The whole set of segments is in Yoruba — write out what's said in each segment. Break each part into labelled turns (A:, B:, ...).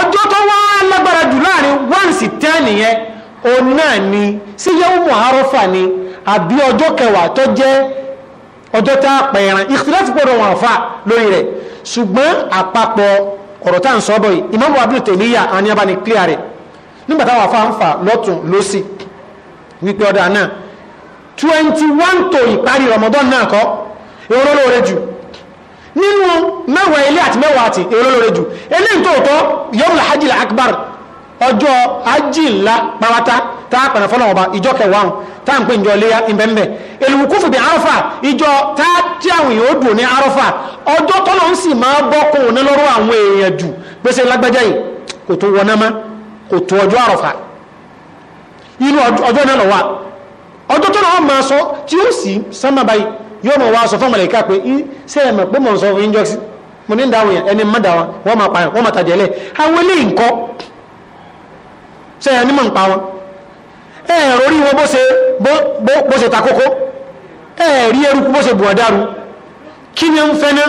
A: ọjọ́ tó wá lágbára jù láàrin wáǹsì tẹ́ẹ̀nì yẹn òun náà ni sí yẹ́wù Àrọ́fà ni àbí ọjọ́ kẹwàá tó jẹ́ ọjọ́ tá a pẹ̀ ẹran ìkìlẹ́fù gbọ́dọ̀ wọn àfa lórí rẹ̀ ṣùgbọ́n àpapọ̀ ọ̀rọ̀ tá à ń sọ bọ̀ yìí Imam Ibn Taymiyyah àwọn yaba ni clear rẹ̀ nígbà táwọn afa ń fà lọ́tún lọ́sì wípé ọ̀dà náà twenty one tó ìparí Ramadan náà kọ́ èrò lóore jù nínú mẹ́wàá ilé àti mẹ́wàá àti èrò lóore jù eléyìí tóòtọ́ yọ́mù hajj akbar ọjọ́ hajji ńlá pàwátá tá a pẹ̀rẹ̀ fọ́nà ọba ìjọ kẹwàá tá n pè ìjọ léyà ìbẹ̀m̀bẹ̀ èlùkú fìbí arọ́fà ìjọ tá a tí àwọn èèyàn ó dùn ní arọ́fà ọjọ́ tọ́nà ń sì máa bọ́kùn ní lọ́rọ̀ àwọn èèyàn jù pèsè lágbájá yìí kò tó wọná mọ́ kò tó ọjọ́ arọ́fà inú ọjọ́ náà lọ wà ọjọ́ sánmà báyìí yóò mọ̀ wá sọ fún mọ̀lẹ́ká pé ṣé ẹ mọ̀ sọ fún mo ní dáwọn yẹn ẹni mọ́dà wọn wọ́n máa pààyàn wọ́n máa tàjẹ́ lẹ̀ àwọn eléyìí ńkọ́ sẹ́yìn ní ń pa wọn ẹ ẹ̀rọ rí wọn bó ṣe takókó ẹ rí eruku bó ṣe bùwàdáru kí ni ń fẹ́ náà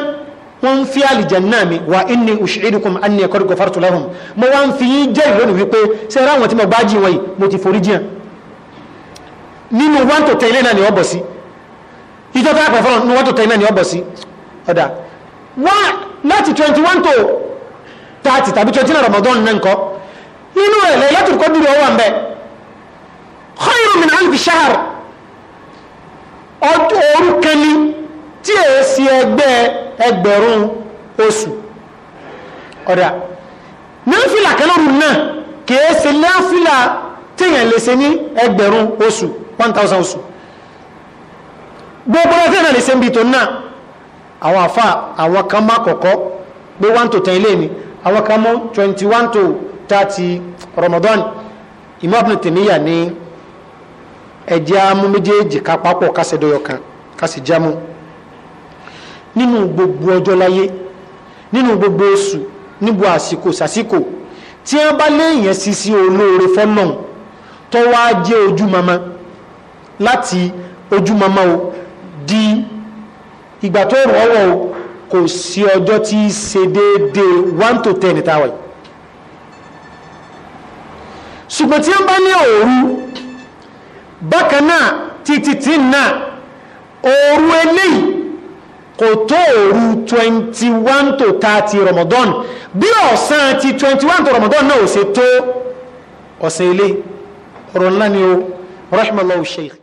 A: wọ́n ń fi àlìjànnà mi wà inni ushidukum anni qad ghafartu lahum mo wá ń fi yín jẹ́rìí lónìí wípé sẹ́yìn ráwọn tí mo bá jì wọ̀nyí mo ti forí jiyàn nínú wọ́n tó tẹ̀ náà ni ọ bọ̀ sí ìjọba àpẹẹfọ́nà nínú wọ́n tó tẹ̀ náà ni ọ bọ̀ sí ọ̀dà wá láti twenty one to thirty tàbí twenty nine Ramadan náà nkọ inú rẹ̀ lẹ́yìn láti kọ́ dúró wà mbẹ́ khairu min alfi shahr ọdún ooru kẹ́lí tí èé sí ẹgbẹ́ ẹgbẹ̀rún oṣù ọ̀dà náfìlà kẹlẹ́rù náà kìí ṣe náfìlà téèyàn lè ṣe ní ẹgbẹ̀rún oṣù one thousand oṣù gbogbo ọdún náà lè ṣe ń bi tó náà àwọn àfà àwọn kan má kọ̀kọ́ pé one to ten ilé ni àwọn kan mú twenty one to thirty Ramadan Imam Ibn Taymiyyah ní ẹ̀jẹ̀ amú méjèèjì ká papọ̀ kásẹ̀dọ̀yọ̀ kan kásìjámú nínú gbogbo ọjọ́ láyé nínú gbogbo oṣù níbo àsìkò sàsìkò tí wọ́n bá léèyàn sí sí olóore fọ́nà tó wá jẹ́ ojú mama láti ojú mama o di ìgbà tó rùn ọwọ́ kò sí ọjọ́ tí í ṣe déédéé one to ten táwọn yìí ṣùgbọ́n tí wọ́n bá ní òru bákan náà títí náà òru eléyìí kò tó òru 21 to 30 Ramadan bí ọ̀sán ti 21 to Ramadan náà ò ṣe tó ọ̀sẹ̀ ilé ọ̀rọ̀ ńlá ni o rahimallahu sheikh